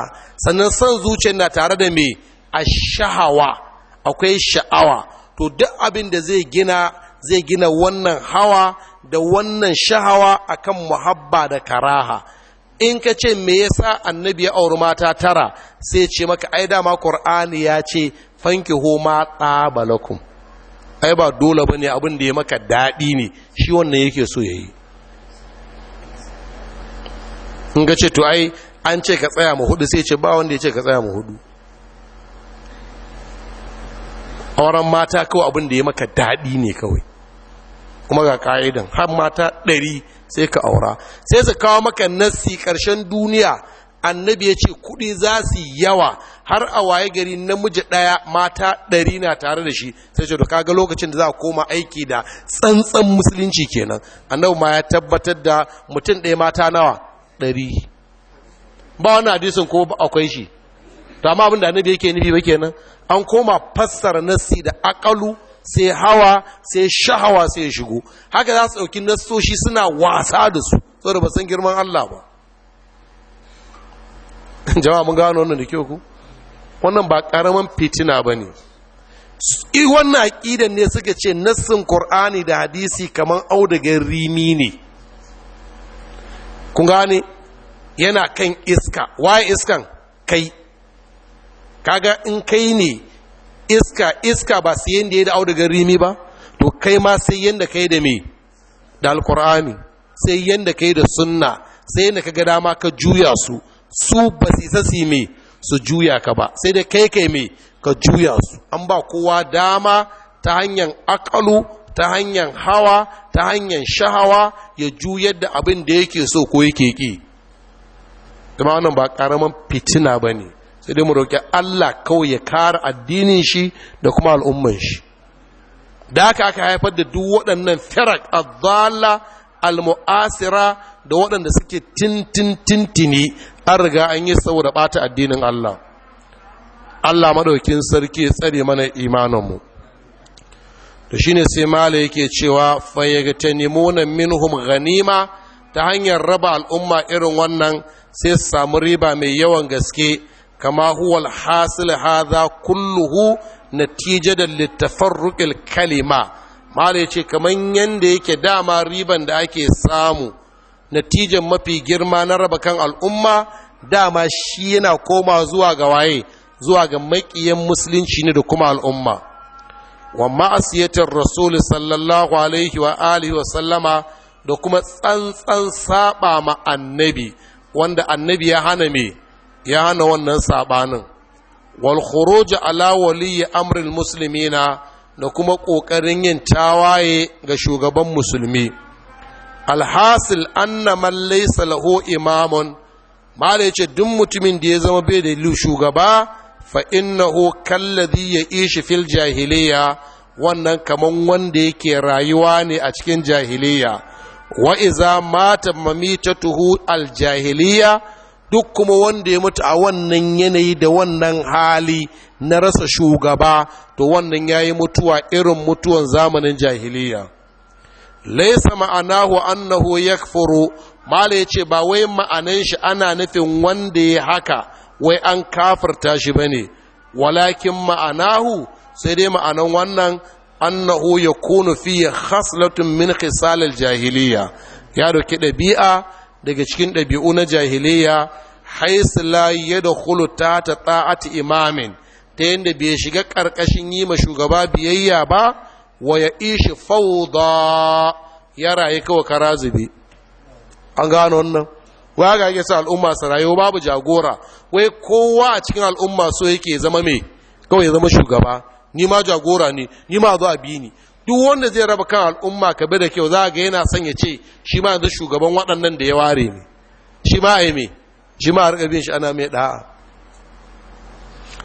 sannan son zuciya na tare da mai a shahawa akwai sha'awa to duk abin da zai gina zai gina wannan hawa da wannan shahawa akan muhabba da karaha in ka ce me yasa annabi ya auri mata tara sai ce maka ai dama qur'ani ya ce fanki ho ma tsabalakum ai ba dole bane abin da ya maka daɗi ne shi wannan yake so yayi in ka ce to ai an ce ka tsaya mu hudu sai ce ba wanda ya ce ka tsaya mu hudu auren mata kawai abin da ya maka daɗi ne kawai kuma ga ka'idan har mata ɗari sai ka aura sai su kawo maka nassi ƙarshen duniya annabi ya ce kuɗi za su yawa har a waye gari namiji ɗaya mata ɗari na tare da shi sai ce to ga lokacin da za a koma aiki da tsantsan musulunci kenan annabi ma ya tabbatar da mutum ɗaya mata nawa ɗari ba wani hadisin ko akwai shi to amma abin da annabi yake nufi ba kenan an koma fassara nassi da akalu sai hawa sai shahawa sai shigo haka za su ɗauki nasoshi suna wasa da su da ba san girman Allah ba <laughs> jama'a mun gano wannan da kyau ku wannan ba karaman fitina ba ne wannan aƙidan ne suka ce nassin Kur'ani da hadisi kamar audigar rimi ne kun gane yana kan iska waye iskan kai kaga in kai ne iska iska ba su da ya da audugar rimi ba to kai ma sai yadda kai da mai da alkur'ani sai yadda kai da sunna sai da ka ga dama ka juya su su ba su isa su mai su juya ka ba sai da kai kai mai ka juya su an ba kowa dama ta hanyar akalu ta hanyar hawa ta hanyar shahawa ya juyar da abin da yake so ko yake ki kuma ba karaman fitina ba sai dai mu roƙi Allah kawai ya kare addinin shi da kuma al'umman shi da haka aka haifar da duk waɗannan firak adalla almu'asira da waɗanda suke tintin tintini an riga an yi saboda ɓata addinin Allah Allah madaukin sarki ya tsare mana imaninmu to shine sai mala yake cewa munan minhum ganima ta hanyar raba al'umma irin wannan sai su samu riba mai yawan gaske kama huwal hasil hadha kulluhu natijadan litafarruqil kalima malai ce kaman yanda yake dama riban da ake samu natijan mafi girma na raba kan al'umma dama shi yana koma zuwa ga waye zuwa ga maƙiyan musulunci ne da kuma al'umma wa ma'asiyatar rasul sallallahu alaihi wa alihi wa sallama da kuma tsantsan saba ma annabi wanda annabi ya hana me ya hana wannan saɓanin wal khuruj ala waliyi amril muslimina da kuma ƙoƙarin yin tawaye ga shugaban musulmi alhasil anna man laysa lahu imamun mala yace duk mutumin da ya zama bai da shugaba fa innahu kalladhi ya'ishi fil jahiliya wannan kaman wanda yake rayuwa ne a cikin jahiliya wa iza mata mamitatuhu al jahiliya duk kuma wanda ya mutu a wannan yanayi da wannan hali na rasa shugaba to wannan ya yi mutuwa irin mutuwan zamanin jahiliya laisa ma'anahu annahu yakfuru mala ya ce ba wai ma'anan shi ana nufin wanda ya haka wai an kafarta shi ba ne walakin ma'anahu sai dai ma'anan wannan annahu ya kunu fiye khaslatun min khisalar jahiliya ya doki ɗabi'a daga cikin ɗabi'u na jahiliya haisu la da ta ta ta'ati imamin ta yadda bai shiga ƙarƙashin yi ma shugaba biyayya ba wa ya ishi fauda ya rayu kawai kara zube an gano wannan Wa ga yake sa al'umma su rayu babu jagora wai kowa a cikin al'umma so yake zama mai kawai ya zama shugaba ni ma jagora ne ni ma zo a bi ni duk wanda zai raba kan al'umma ka bi da kyau za ga yana son ya ce shi ma yanzu shugaban waɗannan da ya ware ne shi ma a me shi ma a riƙa bin shi ana mai ɗa'a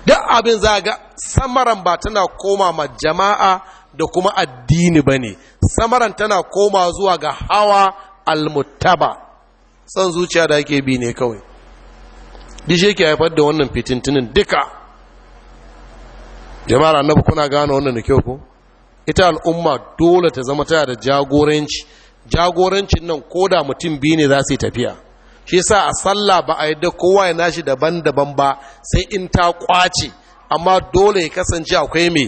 duk abin za ga samaran ba tana koma ma jama'a da kuma addini ba ne samaran tana koma zuwa ga hawa almuttaba son zuciya da ake bi ne kawai shi yake haifar da wannan fitintinin duka jama'ar annabi kuna gane wannan da kyau ko ita al'umma dole ta zama tana da jagoranci jagorancin nan ko da mutum biyu ne za su yi tafiya shi sa a sallah ba a yadda kowa ya nashi daban-daban ba sai in ta kwace amma dole ya kasance akwai mai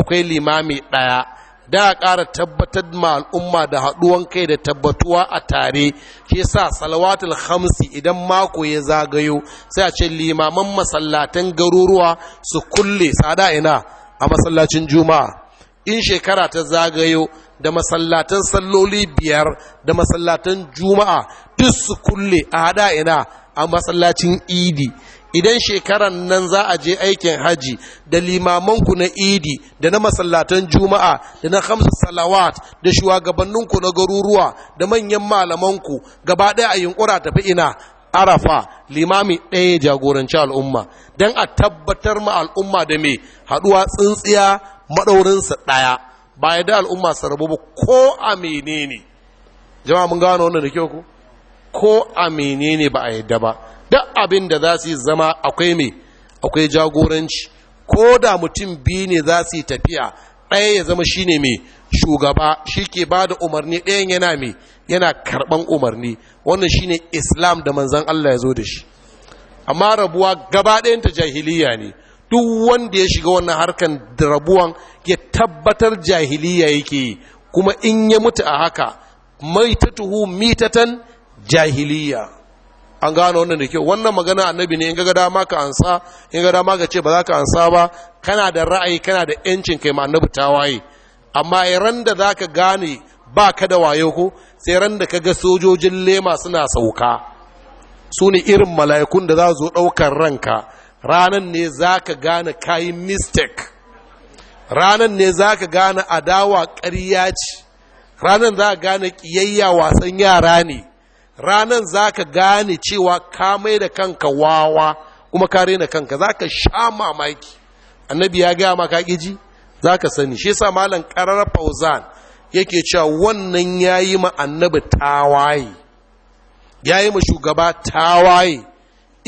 akwai limami ɗaya da ƙara tabbatar ma al'umma da haɗuwan kai da tabbatuwa a tare shi sa salawatul hamsi idan mako ya zagayo sai a ce limaman masallatan garuruwa su kulle sada ina a masallacin juma'a in shekara ta zagayo da masallatan salloli biyar da masallatan juma'a duk su kulle a hada ina a masallacin idi idan shekaran nan za a je aikin haji da limamanku na idi da na masallatan juma'a da na hamsa salawat da shugabanninku na garuruwa da manyan malamanku gaba ɗaya a yunkura tafi ina arafa limami ɗaya jagoranci al'umma don a tabbatar ma al'umma da mai haɗuwa tsintsiya maɗaurinsa ɗaya ba ya da al'umma su rabu ba ko a ne. Jama mun gano wannan da kyau ku ko a ne ba a yadda ba duk abin da za su zama akwai me akwai jagoranci ko da mutum biyu ne za su tafiya ɗaya ya zama shine mai shugaba shi ke ba da umarni ɗayan yana mai yana karɓan umarni wannan shine islam da manzan allah ya zo da shi amma rabuwa gaba ɗayanta jahiliya ne duk wanda ya shiga wannan harkan rabuwan ya tabbatar jahiliya yake yi kuma in ya mutu a haka mai ta tuhu mitatan jahiliya an gano wannan da kyau wannan magana annabi ne in ga dama ka ansa in ga dama ka ce ba za ka ansa ba kana da ra'ayi kana da yancin kai ma annabi ta waye amma ran da za ka gane ba ka da wayo ko sai ran da ka ga sojojin lema suna sauka su ne irin mala'ikun da za zo ɗaukar ranka ranan ne za ka gane kayi mistake ranan ne za ka gane adawa ƙarya ce ranan za ka gane ƙiyayya wasan yara ne ranan za ka gane cewa ka mai da kanka wawa kuma ka rena kanka za ka sha mamaki annabi ya gaya maka ƙiji za ka sani shi sa malam ƙarar fauzan yake cewa wannan ya yi ma annabi tawaye ya yi ma shugaba tawaye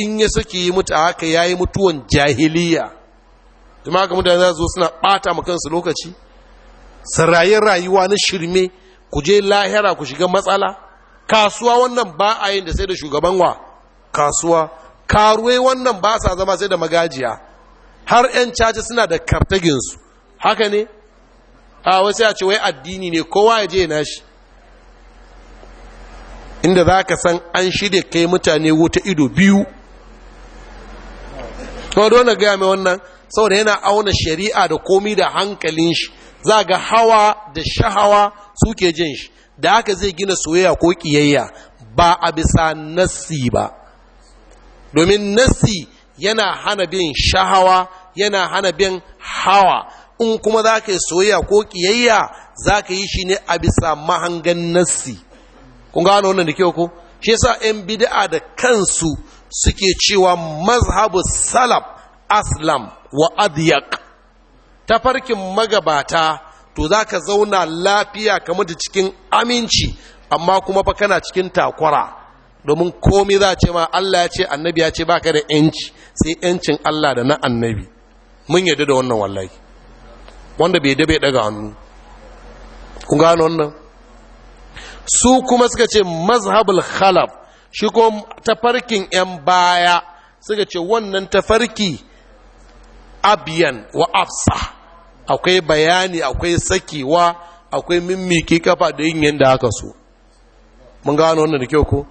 in ya suke yi mutu a haka ya yi mutuwan jahiliya jama'a ga mutane za su suna ɓata ma kansu lokaci sarayen rayuwa na shirme ku je lahira ku shiga matsala kasuwa wannan ba a yin da sai da shugaban wa kasuwa karuwe wannan ba sa zama sai da magajiya har 'yan caji suna da kartaginsu haka ne a wasu ya ce wai addini ne kowa ya je na shi inda za ka san an shirya kai mutane wuta ido biyu kuma dole gaya mai wannan saboda yana auna shari'a da komi da hankalin shi za ga hawa da shahawa suke jin shi da haka zai gina soyayya ko kiyayya ba a bisa nasi ba domin nasi yana hana bin shahawa yana hana bin hawa in kuma za ka yi soyayya ko kiyayya za ka yi shi ne a bisa mahangan nasi. kun gano wannan da kyau ko shi yasa 'yan bid'a da kansu suke cewa mazhabu salaf aslam wa adyak tafarkin magabata to za ka zauna lafiya kamar da cikin aminci amma kuma fa kana cikin takwara domin komai za ce ma Allah ya ce annabi ya ce baka da yanci sai yancin Allah da na annabi mun yadda da wannan wallahi wanda bai dabe daga hannu ku gano wannan su kuma suka ce mazhabul khalaf shi ko tafarkin 'yan baya suka ce wannan tafarki abiyan wa afsa akwai bayani akwai sakewa akwai mimmiki kafa da yin yadda aka so mun gano wannan da kyau ko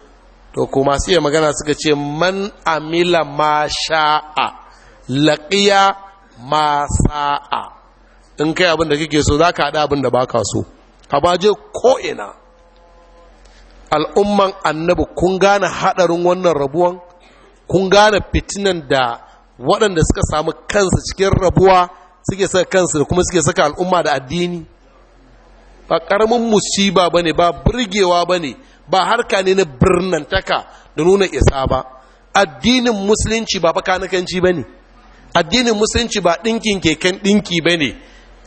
to ko masu iya magana suka ce man amila ma sha'a laƙiya ma sa'a in kai abin da kake so za ka haɗa abin da baka so ka baje ko'ina. al'umman annabi kun gane haɗarin wannan rabuwan kun gane fitinan da waɗanda suka samu kansu cikin rabuwa suke saka kansu da kuma suke saka al'umma da addini ba ƙaramin musiba ba ne ba birgewa ba ne ba harka ne na birnantaka da nuna isa ba addinin musulunci ba bakanikanci ba ne addinin musulunci ba ɗinkin keken ɗinki ba ne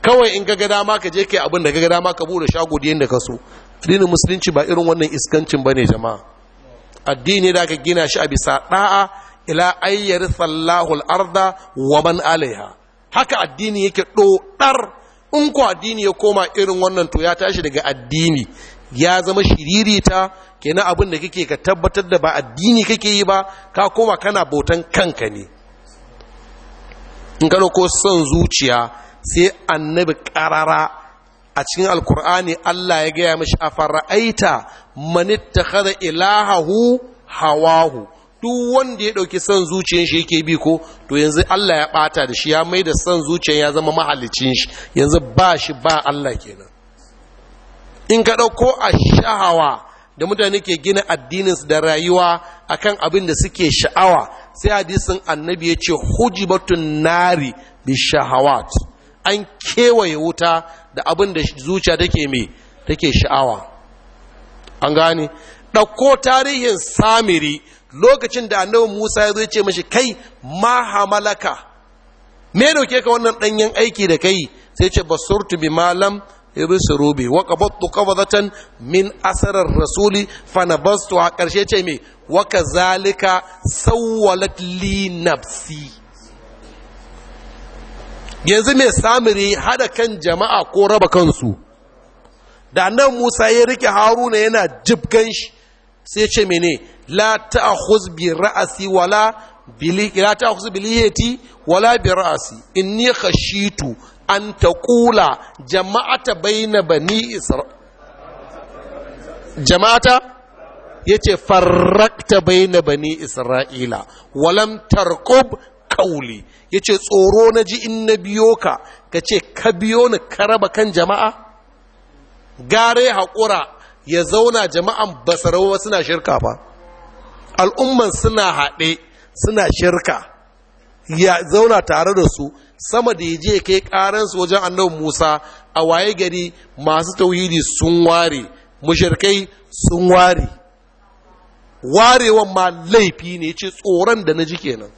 kawai in ga dama ka je kai abin da ga dama ka bude shago da yadda ka so addinin musulunci ba irin wannan iskancin ba ne jama'a addini da aka gina shi a bisa ɗa'a ila ayyar sallahu arda wa man alaiha haka addini yake ɗoɗar in ko addini ya koma irin wannan to ya tashi daga addini ya zama shiririta kenan abin da kake ka tabbatar da ba addini kake yi ba ka koma kana bautan kanka ne in ko son zuciya sai annabi ƙarara a cikin alkur'ani Allah ya gaya mashi a fara'aita manitta kada ilahahu hawahu duk wanda ya ɗauki son zuciyar shi yake bi ko to yanzu Allah ya ɓata da shi ya mai da son zuciyar ya zama mahallicin shi yanzu ba shi ba Allah kenan in ka ɗauko a sha'awa da mutane ke gina addininsu da rayuwa akan abin da suke sha'awa sai hadisin annabi ya ce hujibatun nari bi shahawat an kewaye wuta da abin da zuciya take mai take sha'awa an gane ɗauko tarihin samiri lokacin da annabi musa ya zo ce mashi kai ma hamalaka me dauke ka wannan ɗanyen aiki da kai sai ce basurtu bi malam ibsuru bi wa qabattu qabdatan min asarar rasuli fanabastu a ƙarshe ce mai wa kazalika sawwalat li nafsi yanzu mai samiri hada kan jama'a ko raba kansu da nan musa ya rike haruna yana jibgan shi sai ce mene la ta'khuz bi ra'asi wala bili la ta'khuz bi wala bi ra'asi inni khashitu an taqula jama'ata baina bani isra jama'ata yace farrakta baina bani isra'ila walam tarqub qawli ya ce tsoro na ji in na biyo ka ka ce ka biyo ni ka raba kan jama'a gare haƙura ya zauna jama'an basarawa suna shirka fa al'umman suna haɗe suna shirka ya zauna tare da su sama da ya je kai ƙaransu wajen annabin musa a waye gari masu tauhidi sun ware mushirkai sun ware warewan ma laifi ne ce tsoron da na ji kenan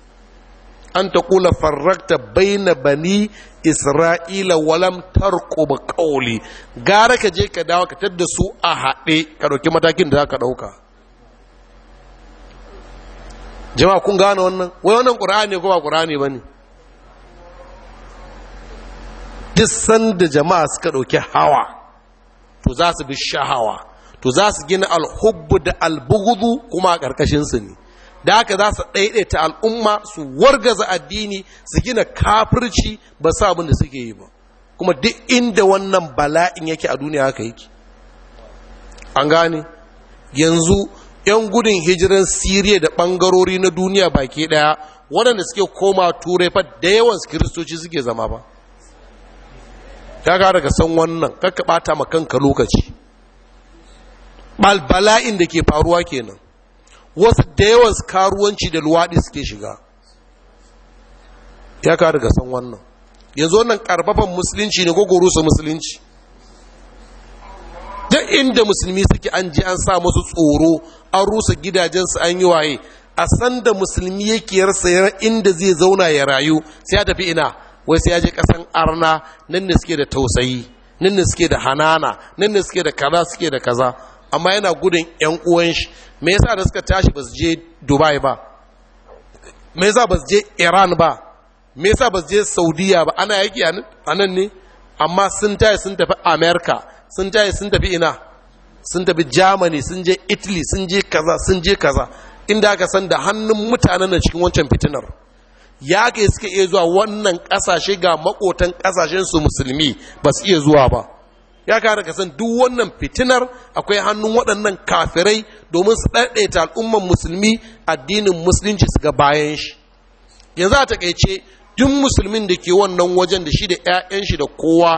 an ta kula farrakta baina bani isra'ila walam ba qawli gara ka je ka dawo ka tadda su a haɗe ka ɗauki matakin da za ka ɗauka jama'a kun gane wannan wai wannan qur'ani ko ba ƙura ne ba ne. duk sanda jama'a suka ɗauki hawa to za su bi shahawa to za su gina alhubbu da albugudu kuma a ƙarƙashinsu ne da haka za su ɗaiɗaita al'umma su wargaza addini su gina kafirci ba sa abin da suke yi ba kuma duk inda wannan bala'in yake a duniya haka yake an gane yanzu 'yan gudun hijiran siriya da ɓangarori na duniya baki ɗaya waɗanda suke koma turai fa da yawan kiristoci suke zama ba ya ga daga san wannan kakka ɓata ma kanka lokaci bala'in da ke faruwa kenan wasu da yawan karuwanci da luwaɗi suke shiga ya ka daga san wannan yanzu wannan ƙarfafan musulunci ne gogoro su musulunci duk inda musulmi suke an ji an sa musu tsoro an rusa gidajensu an yi waye a sanda musulmi yake rasa inda zai zauna ya rayu sai ya tafi ina wai sai ya je kasan arna nan ne suke da tausayi nan ne suke da hanana nan ne suke da kaza suke da kaza amma yana gudun yan uwan shi me yasa da suka tashi ba su je dubai ba me yasa ba su je iran ba me yasa ba su je saudiya ba ana yaki a nan ne amma sun tashi sun tafi america sun tashi sun tafi ina sun tafi germany sun je italy sun je kaza sun je kaza inda aka san da hannun mutanen na cikin wancan fitinar ya ke suka iya zuwa wannan kasashe ga makotan kasashen su musulmi ba su iya zuwa ba ya kare ka san duk wannan fitinar akwai hannun waɗannan kafirai domin su ɗaiɗaita al'umman musulmi addinin musulunci su ga bayan shi yanzu a takaice duk musulmin da ke wannan wajen da shi da 'ya'yan shi da kowa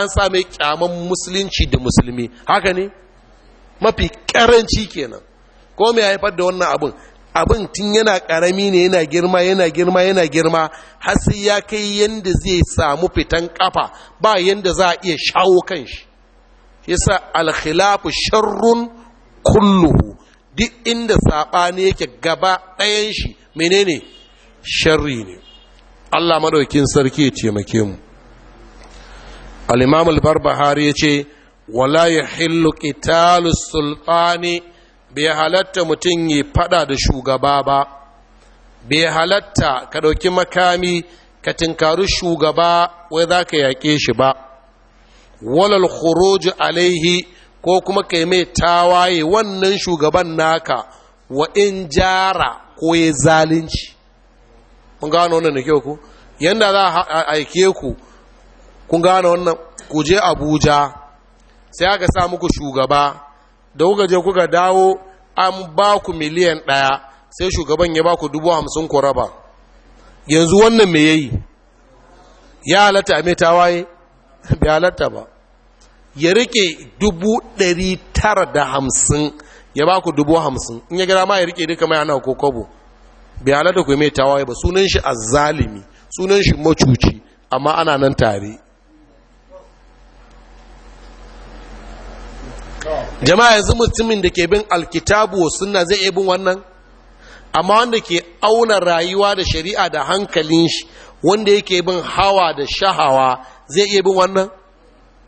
an same kyaman musulunci da musulmi haka ne mafi karanci kenan ko mai haifar da wannan abin abin tun yana karami ne yana girma yana girma yana girma har sai ya kai yanda zai samu fitan kafa ba yanda za a iya shawo kan shi yasa alkhilafu sharrun kulluhu duk inda saɓani yake gaba ɗayan shi menene sharri ne Allah maɗaukin sarki ya taimake mu al-imam al-barbahari yace wala yahillu qitalu sultani bai halatta mutum yi fada da shugaba ba bai halatta ka ɗauki makami ka tinkari shugaba wai zaka ka yaƙe shi ba walal khuruj alaihi ko kuma kai mai tawaye wannan shugaban naka wa in jara ko ya zalunci kun gano wannan da kyau ku yanda za a aike ku kun gano wannan ku je abuja sai aka sa muku shugaba da kuka je kuka dawo an ba ku miliyan ɗaya sai shugaban ya ba ku dubu hamsin ku raba yanzu wannan me yayi ya halatta a mai tawaye <laughs> bai halatta ba ya rike dubu ɗari tara da hamsin ya ba ku dubu hamsin in ya gara ma ya rike duka mai ana ko kobo bai halatta ku mai ba sunan shi zalimi sunan shi macuci amma ana nan tare jama'a yanzu mutumin da ke bin alkitabu wa suna zai iya bin wannan amma wanda ke auna rayuwa da shari'a da hankalin shi wanda yake bin hawa da shahawa zai iya bin wannan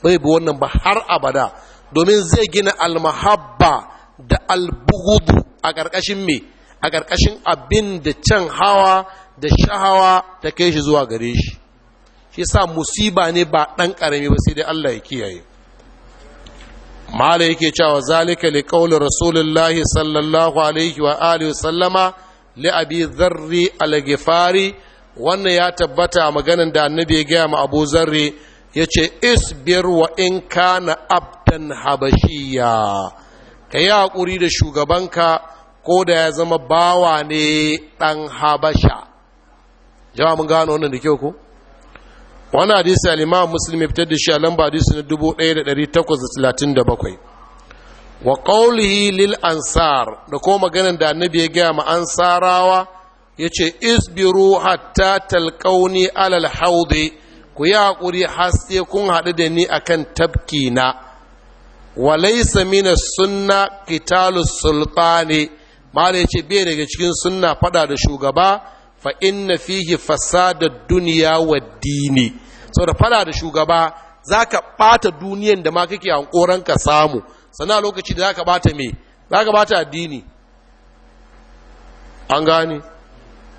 bai bi wannan ba har abada domin zai gina almahabba da albugudu a ƙarƙashin me a ƙarƙashin abin da can hawa da shahawa ta kai shi zuwa gare shi shi sa musiba ne ba ɗan ƙarami ba sai dai Allah ya kiyaye mala yake cewa zalika li qawli rasulullahi sallallahu alaihi wa alihi sallama li abi dharri al-ghifari wannan ya tabbata maganan da annabi ya gaya ma abu zarri ya ce isbir wa in kana abdan habashiya ka yi haƙuri da shugabanka ko da ya zama bawa ne ɗan habasha jama mun gano wannan da kyau ku. wani hadisi alima musulmi ya fitar da shi a lamba hadisi na 1837 wa ƙaulihi lil ansar da ko maganin da annabi ya gaya ma ansarawa ya ce isbiru hatta talƙauni alal haudi ku yi haƙuri haske kun haɗu da ni akan tabki na walaisa mina sunna kitalu sultani mala ya ce bai daga cikin sunna faɗa da shugaba fa inna fihi fasada duniya wa dini saboda fada da shugaba za ka ɓata duniyan da ma kake hankoran ka samu sannan lokaci da za ka ɓata me za ka ɓata dini, an gane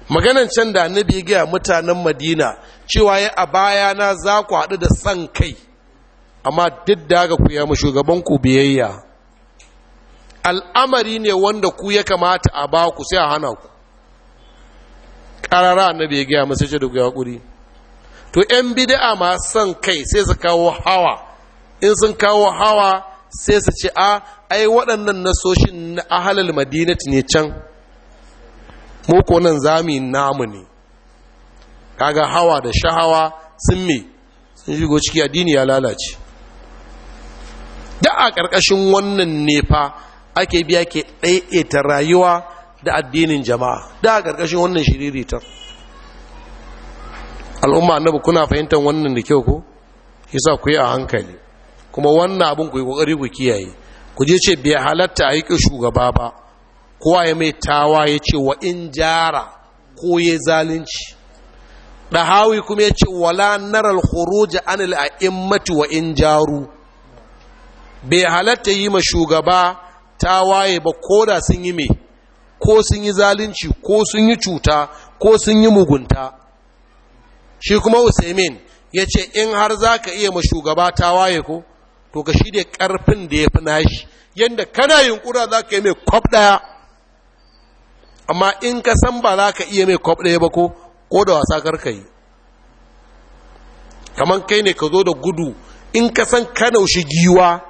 maganan can da annabi ya gaya mutanen madina cewa ya a baya na za ku haɗu da san kai amma duk da haka ku yamma shugaban ku biyayya al'amari ne wanda ku ya kamata a ba ku sai a hana ku ƙarara annabi ya gaya masu ce da ku yaƙuri to 'yan bida'a ma san kai sai su kawo hawa in sun kawo hawa sai su ce a ai waɗannan nasoshin na ahalal madinati ne can mu ko nan zami namu ne kaga hawa da shahawa sun me sun shigo ciki addini ya lalace da a ƙarƙashin wannan nefa ake biya ke ɗaiɗaita rayuwa da addinin jama'a da a ƙarƙashin wannan shiriritar al'umma annabi kuna fahimtar wannan da kyau ko yasa ku yi a hankali kuma wannan abin ku yi ƙoƙari ku kiyaye ku je ce bai halatta a yi shugaba ba kowa ya mai tawa ya ce wa in jara ko ya zalunci ɗahawi kuma ya ce wala naral khuruja anil a'immati wa in jaru bai halatta yi ma shugaba tawaye ba ko da sun yi mai ko sun yi zalunci ko sun yi cuta ko sun yi mugunta shi kuma usaimin ya ce in har za ka iya ma shugaba tawaye ko to ka shi da ƙarfin da ya fi nashi yadda kana yunkura za ka yi mai kwab ɗaya amma in ka san ba za ka iya mai kwab ɗaya ba ko ko da wasa karka yi kamar kai ne ka zo da gudu in ka san ka naushi giwa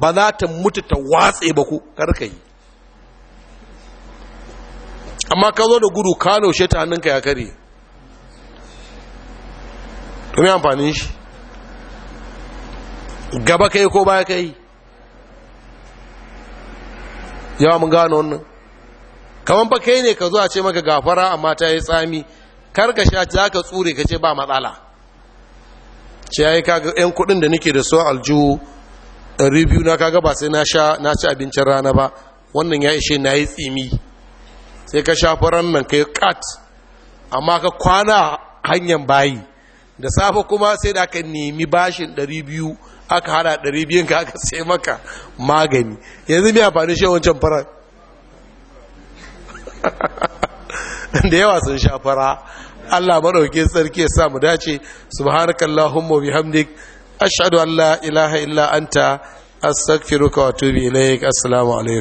ba za ta mutu ta watse ba ko karka yi amma ka zo da gudu ka naushe ta hannunka ya kare to me amfani shi gaba kai ko baya kai yawa mun gano wannan kamar fa kai ne ka zo a ce maka gafara amma ta yi tsami kar ka sha za ka tsure ka ce ba matsala ce ya yi kaga 'yan kudin da nake da so aljihu review na kaga ba sai na na ci abincin rana ba wannan ya ishe na yi tsimi sai ka sha faran nan ka yi kat amma ka kwana hanyar bayi da safe kuma sai da aka nemi bashin 200 aka hada 200 ka aka sai maka magani yanzu mai amfani shi wancan faran da yawa sun sha fara Allah madaukakin sarki ya sa mu dace subhanakallahumma bihamdik ashhadu an la ilaha illa anta astaghfiruka wa atubu ilaik assalamu alaikum